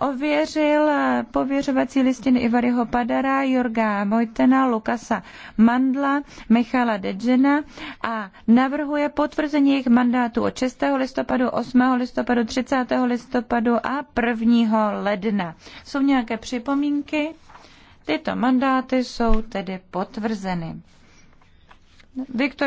ověřil eh, pověřovací listiny Ivaryho Padara, Jorga Mojtena, Lukasa Mandla, Michala Dedžena a navrhuje potvrzení jejich mandátu od 6. listopadu, 8. listopadu, 30. listopadu a 1. ledna. Jsou nějaké připomínky? Tyto mandáty jsou tedy potvrzeny. Viktor